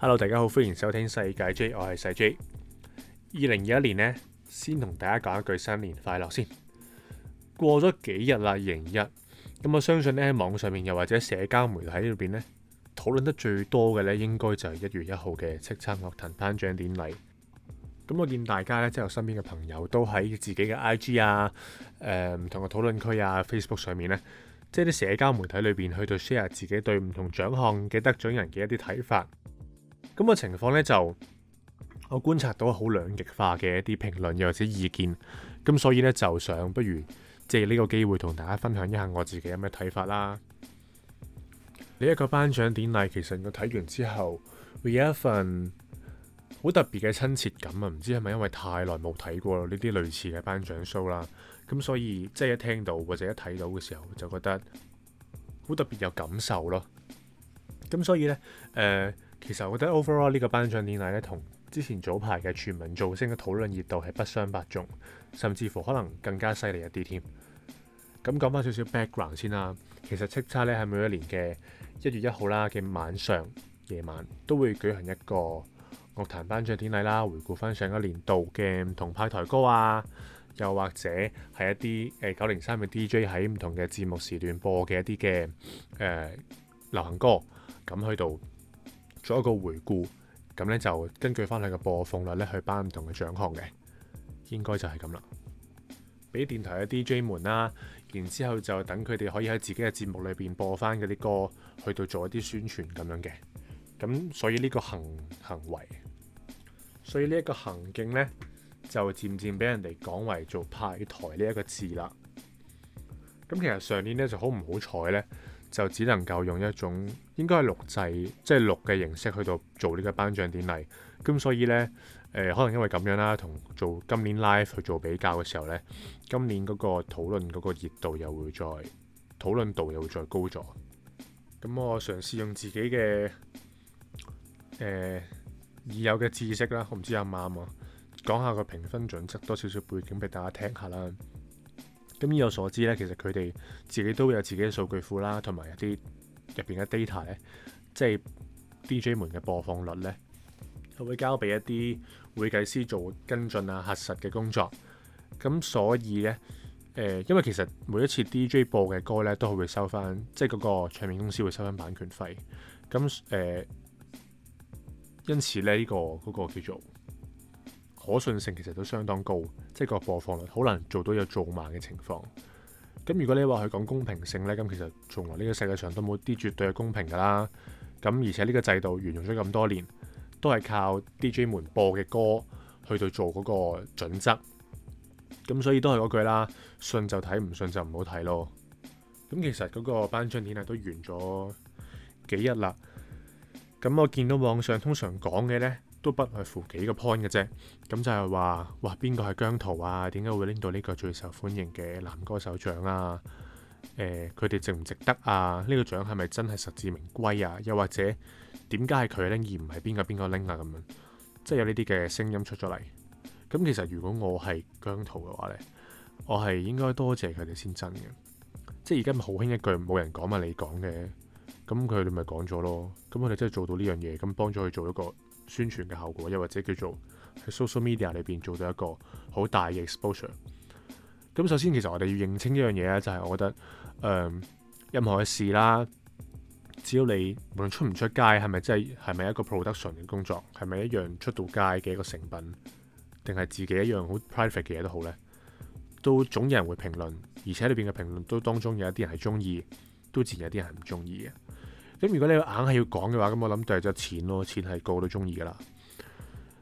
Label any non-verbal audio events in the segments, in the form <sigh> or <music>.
Hello，大家好，歡迎收聽世界 J，我係細 J。二零二一年呢，先同大家講一句新年快樂先。過咗幾日啦，二零二一，咁我相信呢喺網上面，又或者社交媒體裏邊呢，討論得最多嘅呢應該就係一月一號嘅叱咤樂壇頒獎典禮。咁我見大家呢，即係我身邊嘅朋友都喺自己嘅 IG 啊，誒、呃、唔同嘅討論區啊，Facebook 上面呢，即係啲社交媒體裏邊去到 share 自己對唔同獎項嘅得獎人嘅一啲睇法。咁嘅情況呢，就我觀察到好兩極化嘅一啲評論又或者意見，咁所以呢，就想不如借呢個機會同大家分享一下我自己有咩睇法啦。呢一個頒獎典禮其實我睇完之後，會有一份好特別嘅親切感啊！唔知係咪因為太耐冇睇過呢啲類似嘅頒獎 show 啦？咁所以即係一聽到或者一睇到嘅時候，就覺得好特別有感受咯。咁所以呢，誒、呃。其實我覺得 overall 呢個頒獎典禮咧，同之前早排嘅全民造星嘅討論熱度係不相伯仲，甚至乎可能更加犀利一啲添。咁講翻少少 background 先啦。其實叱咤咧，喺每一年嘅一月一號啦嘅晚上夜晚都會舉行一個樂壇頒獎典禮啦，回顧翻上一年度嘅唔同派台歌啊，又或者係一啲誒九零三嘅 DJ 喺唔同嘅節目時段播嘅一啲嘅誒流行歌咁去到。做一個回顧，咁呢就根據翻佢嘅播放率呢去頒唔同嘅獎項嘅，應該就係咁啦。俾電台嘅 DJ 們啦，然之後就等佢哋可以喺自己嘅節目裏邊播翻嗰啲歌，去到做一啲宣傳咁樣嘅。咁所以呢個行行為，所以呢一個行徑呢，就漸漸俾人哋講為做派台呢一個字啦。咁其實上年呢，就好唔好彩呢，就只能夠用一種應該係錄製，即係錄嘅形式去到做呢個頒獎典禮。咁所以呢，誒、呃、可能因為咁樣啦，同做今年 live 去做比較嘅時候呢，今年嗰個討論嗰個熱度又會再討論度又會再高咗。咁我嘗試用自己嘅誒已有嘅知識啦，我唔知啱唔啱啊，講下個評分準則多少少背景俾大家聽下啦。咁以我所知咧，其實佢哋自己都有自己嘅數據庫啦，同埋一啲入邊嘅 data 咧，即係 DJ 哋嘅播放率咧，係會交俾一啲會計師做跟進啊、核實嘅工作。咁所以咧，誒、呃，因為其實每一次 DJ 播嘅歌咧，都係會收翻，即係嗰個唱片公司會收翻版權費。咁誒、呃，因此咧，呢、這個嗰、那個叫做。可信性其實都相當高，即係個播放率好難做到有做馬嘅情況。咁如果你話佢講公平性呢，咁其實從來呢個世界上都冇啲絕對嘅公平㗎啦。咁而且呢個制度沿用咗咁多年，都係靠 DJ 們播嘅歌去到做嗰個準則。咁所以都係嗰句啦，信就睇，唔信就唔好睇咯。咁其實嗰個頒獎典禮都完咗幾日啦。咁我見到網上通常講嘅呢。都不外乎幾個 point 嘅啫，咁就係話：哇，邊個係姜濤啊？點解會拎到呢個最受歡迎嘅男歌手獎啊？誒、呃，佢哋值唔值得啊？呢、呢個獎係咪真係實至名歸啊？又或者點解係佢拎而唔係邊個邊個拎啊？咁樣即係有呢啲嘅聲音出咗嚟。咁其實如果我係姜濤嘅話呢，我係應該多謝佢哋先真嘅。即係而家好興一句冇人講嘛，你講嘅咁佢哋咪講咗咯。咁我哋真係做到呢樣嘢，咁幫咗佢做一個宣傳嘅效果，又或者叫做喺 social media 裏邊做到一個好大嘅 exposure。咁首先，其實我哋要認清一樣嘢咧，就係、是、我覺得誒、呃、任何嘅事啦，只要你無論出唔出街，係咪真係，係咪一個 production 嘅工作，係咪一樣出到街嘅一個成品，定係自己一樣好 private 嘅嘢都好呢，都總有人會評論，而且裏邊嘅評論都當中有一啲人係中意，都自然有啲人係唔中意嘅。咁如果你硬係要講嘅話，咁我諗就係錢咯。錢係個個都中意噶啦。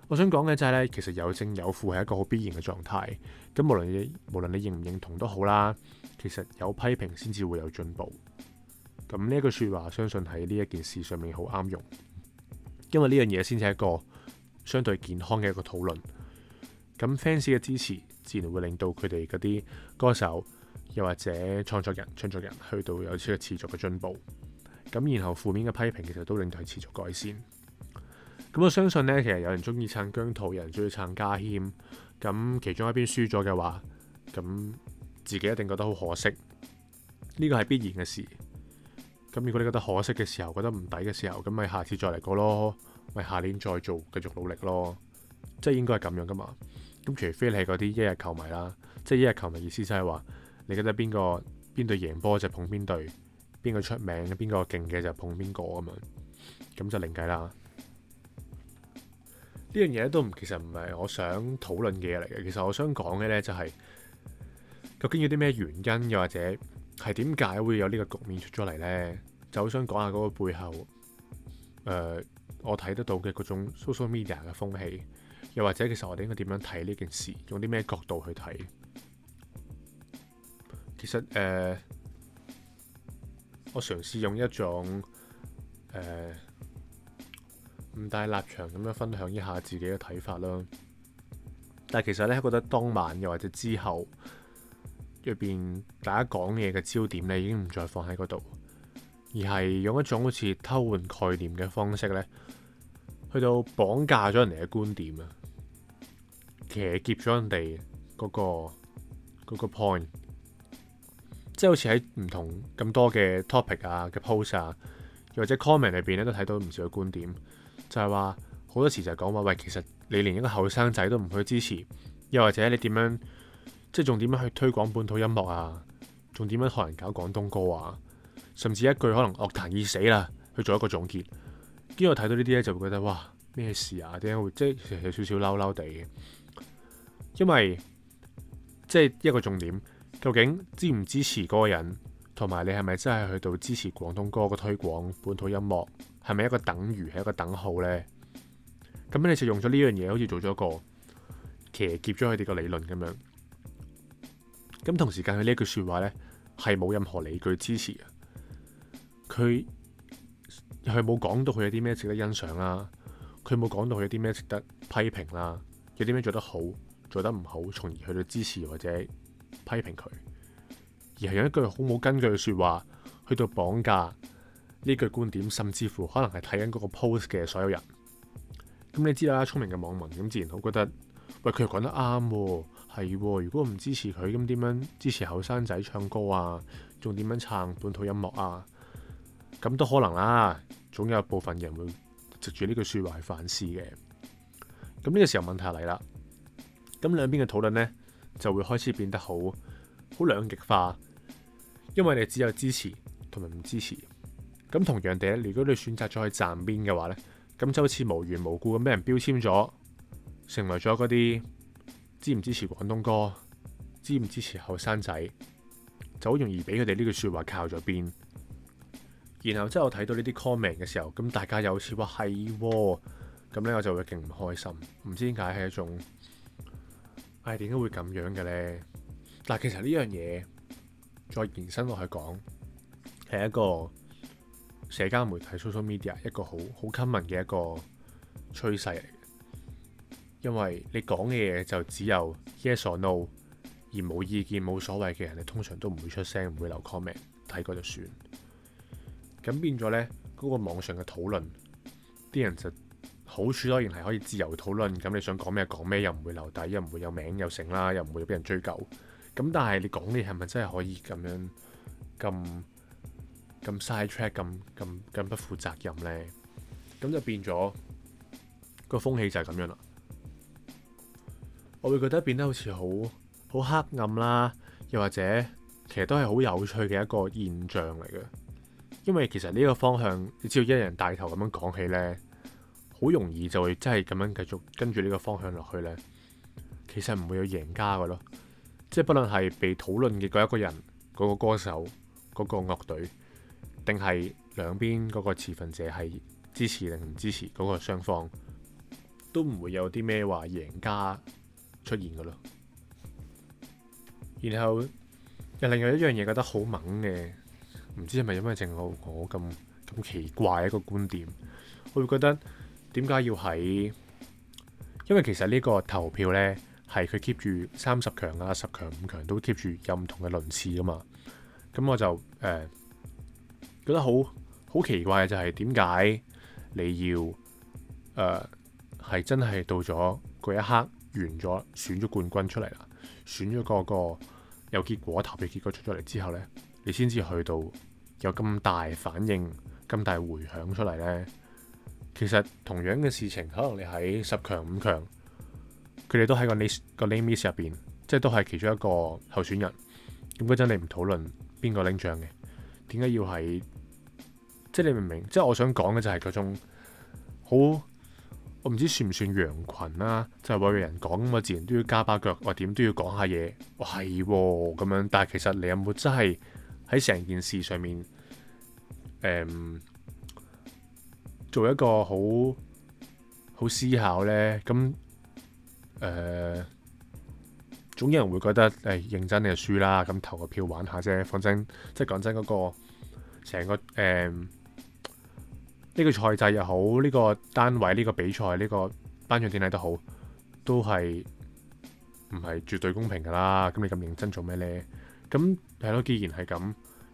我想講嘅就係呢，其實有正有負係一個好必然嘅狀態。咁無論你無論你認唔認同都好啦，其實有批評先至會有進步。咁呢句説話，相信喺呢一件事上面好啱用，因為呢樣嘢先至係一個相對健康嘅一個討論。咁 fans 嘅支持自然會令到佢哋嗰啲歌手又或者創作人、創作人去到有呢個持續嘅進步。咁然後負面嘅批評其實都令佢持續改善。咁我相信呢，其實有人鍾意撐姜濤，有人鍾意撐家謙。咁其中一邊輸咗嘅話，咁自己一定覺得好可惜。呢個係必然嘅事。咁如果你覺得可惜嘅時候，覺得唔抵嘅時候，咁咪下次再嚟過咯，咪下年再做，繼續努力咯。即係應該係咁樣㗎嘛。咁除非你係嗰啲一日球迷啦，即係一日球迷意思就係話，你覺得邊個邊隊贏波就捧邊隊。邊個出名，邊個勁嘅就捧邊個咁樣，咁就另計啦。呢樣嘢都唔，其實唔係我想討論嘅嘢嚟嘅。其實我想講嘅呢，就係究竟有啲咩原因，又或者係點解會有呢個局面出咗嚟呢？就好想講下嗰個背後，誒、呃，我睇得到嘅嗰種 social media 嘅風氣，又或者其實我哋應該點樣睇呢件事，用啲咩角度去睇？其實誒。呃我嘗試用一種誒唔帶立場咁樣分享一下自己嘅睇法啦。但係其實呢，覺得當晚又或者之後入邊面大家講嘢嘅焦點呢，已經唔再放喺嗰度，而係用一種好似偷換概念嘅方式呢，去到綁架咗人哋嘅觀點啊，騎劫咗人哋嗰個嗰個 point。即係好似喺唔同咁多嘅 topic 啊嘅 post 啊，又或者 comment 裏邊咧都睇到唔少嘅觀點，就係話好多時就係講話，喂，其實你連一個後生仔都唔去支持，又或者你點樣即係仲點樣去推廣本土音樂啊？仲點樣學人搞廣東歌啊？甚至一句可能樂壇已死啦，啊，去做一個總結。因為睇到呢啲咧，就會覺得哇，咩事啊？時時點解會即係有少少嬲嬲哋嘅？因為即係一個重點。究竟支唔支持嗰個人，同埋你係咪真係去到支持廣東歌嘅推廣本土音樂，係咪一個等於係一個等號呢？咁你就用咗呢樣嘢，好似做咗個騎劫咗佢哋個理論咁樣。咁同時間佢呢句說話呢，係冇任何理據支持嘅。佢係冇講到佢有啲咩值得欣賞啦，佢冇講到佢有啲咩值得批評啦，有啲咩做得好，做得唔好，從而去到支持或者。批評佢，而係有一句好冇根據嘅說話去到綁架呢句觀點，甚至乎可能係睇緊嗰個 post 嘅所有人。咁你知啦，聰明嘅網民咁自然好覺得，喂，佢又講得啱喎，係喎，如果唔支持佢，咁點樣支持後生仔唱歌啊？仲點樣撐本土音樂啊？咁都可能啦，總有一部分人會藉住呢句說話去反思嘅。咁呢個時候問題嚟啦，咁兩邊嘅討論呢？就會開始變得好好兩極化，因為你只有支持同埋唔支持。咁同樣地咧，如果你選擇咗去站邊嘅話呢，咁就好似無緣無故咁俾人標籤咗，成為咗嗰啲支唔支持廣東歌、支唔支持後生仔，就好容易俾佢哋呢句説話靠咗邊。然後之後我睇到呢啲 comment 嘅時候，咁大家又好似話係喎，咁呢我就會勁唔開心，唔知點解係一種。係點解會咁樣嘅咧？嗱，其實呢樣嘢再延伸落去講，係一個社交媒體 （social media） 一個好好 common 嘅一個趨勢。因為你講嘅嘢就只有 yes or no，而冇意見冇所謂嘅人，你通常都唔會出聲，唔會留 comment，睇過就算。咁變咗呢，嗰、嗰個網上嘅討論，啲人就……好處當然係可以自由討論，咁你想講咩講咩又唔會留底，又唔會有名又成啦，又唔會俾人追究。咁但係你講你係咪真係可以咁樣咁咁 side track、咁咁咁不負責任呢？咁就變咗，個風氣就係咁樣啦。我會覺得變得好似好好黑暗啦，又或者其實都係好有趣嘅一個現象嚟嘅，因為其實呢個方向你只要一人帶頭咁樣講起呢。好容易就會真係咁樣繼續跟住呢個方向落去呢，其實唔會有贏家嘅咯，即係不論係被討論嘅嗰一個人、嗰個歌手、嗰個樂隊，定係兩邊嗰個持份者係支持定唔支持嗰個雙方，都唔會有啲咩話贏家出現嘅咯。然後又另外一樣嘢覺得好猛嘅，唔知係咪因為正好我咁咁奇怪一個觀點，我會覺得。點解要喺？因為其實呢個投票呢，係佢 keep 住三十強啊、十強、五強都 keep 住有唔同嘅輪次噶嘛。咁我就誒、呃、覺得好好奇怪嘅就係點解你要誒係、呃、真係到咗嗰一刻完咗選咗冠軍出嚟啦，選咗嗰個有結果投票結果出咗嚟之後呢，你先至去到有咁大反應、咁大迴響出嚟呢。其實同樣嘅事情，可能你喺十強五強，佢哋都喺個 list 個 list miss 入邊，即係都係其中一個候選人。點解真係你唔討論邊個拎獎嘅？點解要係即係你明唔明？即係我想講嘅就係嗰種好，我唔知算唔算羊群啦。即係為人講咁啊，自然都要加把腳，我點都要講下嘢。我係咁樣，但係其實你有冇真係喺成件事上面誒？嗯做一個好好思考呢。咁誒、呃，總有人會覺得誒認真你就輸啦。咁投個票玩下啫，反正即係講真嗰、嗰個成個誒呢、呃呢個賽制又好，呢、呢個單位、呢、呢個比賽、呢、呢個頒獎典禮都好，都係唔係絕對公平噶啦？咁你咁認真做咩呢？咁係咯，既然係咁，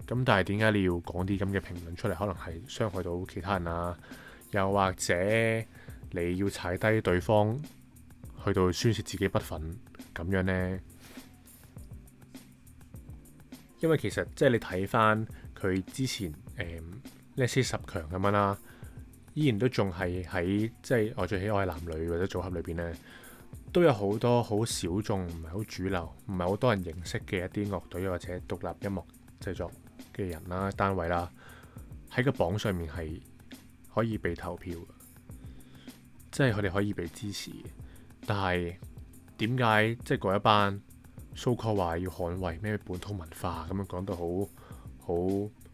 咁但係點解你要講啲咁嘅評論出嚟，可能係傷害到其他人啊？又或者你要踩低對方，去到宣泄自己不忿咁樣呢？因為其實即係、就是、你睇翻佢之前誒 l、呃、十強咁樣啦，依然都仲係喺即係我最喜愛男女或者組合裏邊呢，都有好多好小眾唔係好主流，唔係好多人認識嘅一啲樂隊或者獨立音樂製作嘅人啦，單位啦，喺個榜上面係，可以被投票，即係佢哋可以被支持。但係點解即係嗰一班所謂話要捍衞咩本土文化咁樣講到好好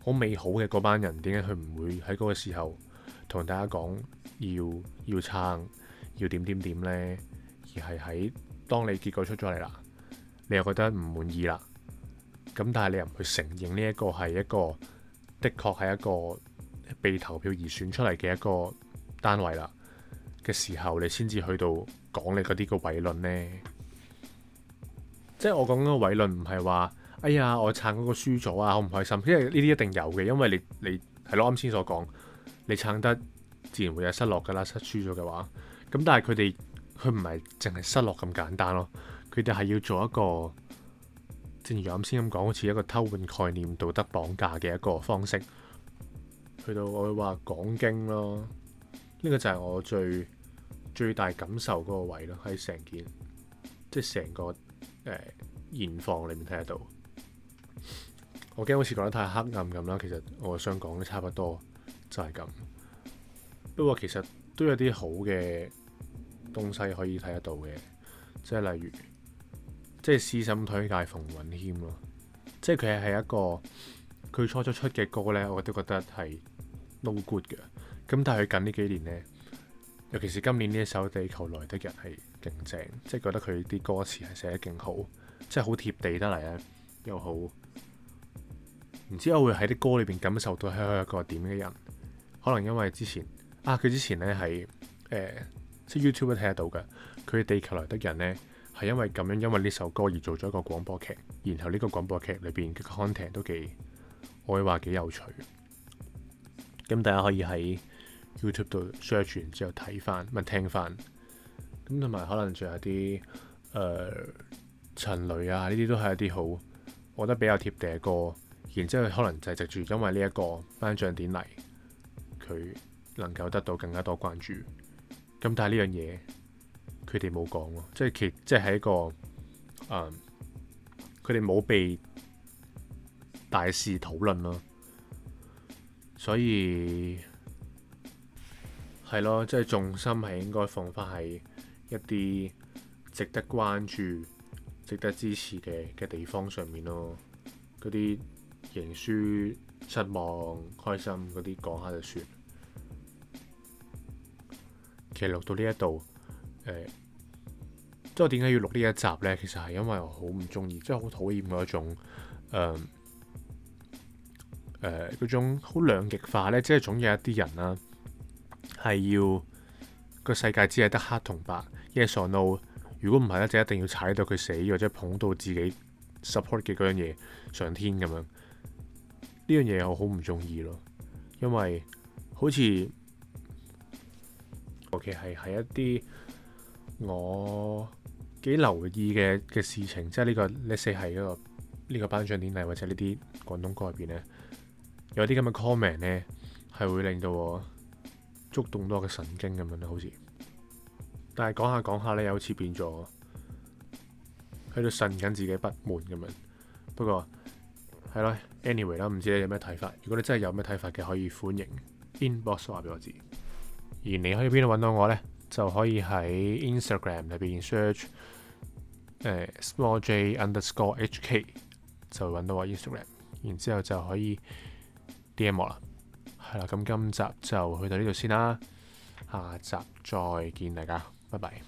好美好嘅嗰班人，點解佢唔會喺嗰個時候同大家講要要撐要點點點呢？而係喺當你結果出咗嚟啦，你又覺得唔滿意啦。咁但係你又唔去承認呢一個係一個的確係一個。被投票而選出嚟嘅一個單位啦嘅時候，你先至去到講你嗰啲個偉論呢。即係我講嗰個偉論唔係話，哎呀，我撐嗰個輸咗啊，好唔開心。因為呢啲一定有嘅，因為你你係咯，啱先所講，你撐得自然會有失落㗎啦。失輸咗嘅話，咁但係佢哋佢唔係淨係失落咁簡單咯。佢哋係要做一個，正如啱先咁講，好似一個偷換概念、道德綁架嘅一個方式。去到我會話講經咯，呢個就係我最最大感受嗰個位咯。喺成件即係成個誒現況裏面睇得到。我驚好似講得太黑暗咁啦。其實我想講都差不多就係咁。不過其實都有啲好嘅東西可以睇得到嘅，即係例如即係私心推介馮允謙咯，即係佢係一個佢初初出嘅歌咧，我都覺得係。都好 good 㗎，咁但係佢近呢幾年呢，尤其是今年呢一首《地球來的人》係勁正，即係覺得佢啲歌詞係寫得勁好，即係好貼地得嚟咧，又好。唔知我會喺啲歌裏邊感受到香係一個點嘅人？可能因為之前啊，佢之前呢係誒，即係 YouTube 睇得到㗎。佢《地球來的人》呢，係因為咁樣，因為呢首歌而做咗一個廣播劇，然後呢個廣播劇裏邊嘅 content 都幾，我會話幾有趣。咁大家可以喺 YouTube 度 search 完之後睇翻，咪聽翻。咁同埋可能仲有啲誒、呃、陳雷啊，呢啲都係一啲好我覺得比較貼地嘅歌。然之後可能就係藉住因為呢一個頒獎典禮，佢能夠得到更加多關注。咁但係呢樣嘢，佢哋冇講咯，即係其即係喺一個誒，佢哋冇被大肆討論咯。所以係咯，即係、即係、重心係應該放翻喺一啲值得關注、值得支持嘅嘅地方上面咯。嗰啲贏輸、失望、開心嗰啲講下就算。其實錄到呢一度，即、呃、係我點解要錄呢一集呢？其實係因為我好唔中意，即係好討厭嗰一種、呃誒嗰、呃、種好兩極化咧，即係總有一啲人啦，係要個世界只係得黑同白，Yes or no。 <music> 如果唔係咧，就一定要踩到佢死，或者捧到自己 support 嘅嗰樣嘢上天咁樣。呢樣嘢我好唔中意咯，因為好似 OK 係喺一啲我幾留意嘅嘅事情，即係呢、這個 let's say 係嗰個呢、這個頒獎典禮，或者呢啲廣東歌入邊咧。有啲咁嘅 comment 呢，係會令到我觸動到我嘅神經咁樣好似。但係講下講下咧，又好似變咗喺度呻緊自己不滿咁樣。不過係咯，anyway 啦，唔知你有咩睇法。如果你真係有咩睇法嘅，可以歡迎 inbox 話俾我知。而你可以邊度搵到我呢？就可以喺 Instagram 裏邊 search 誒 small j underscore h k 就搵到我 Instagram。然之後就可以。啲 m 幕啦，係啦，咁今集就去到呢度先啦，下集再見，大家，拜拜。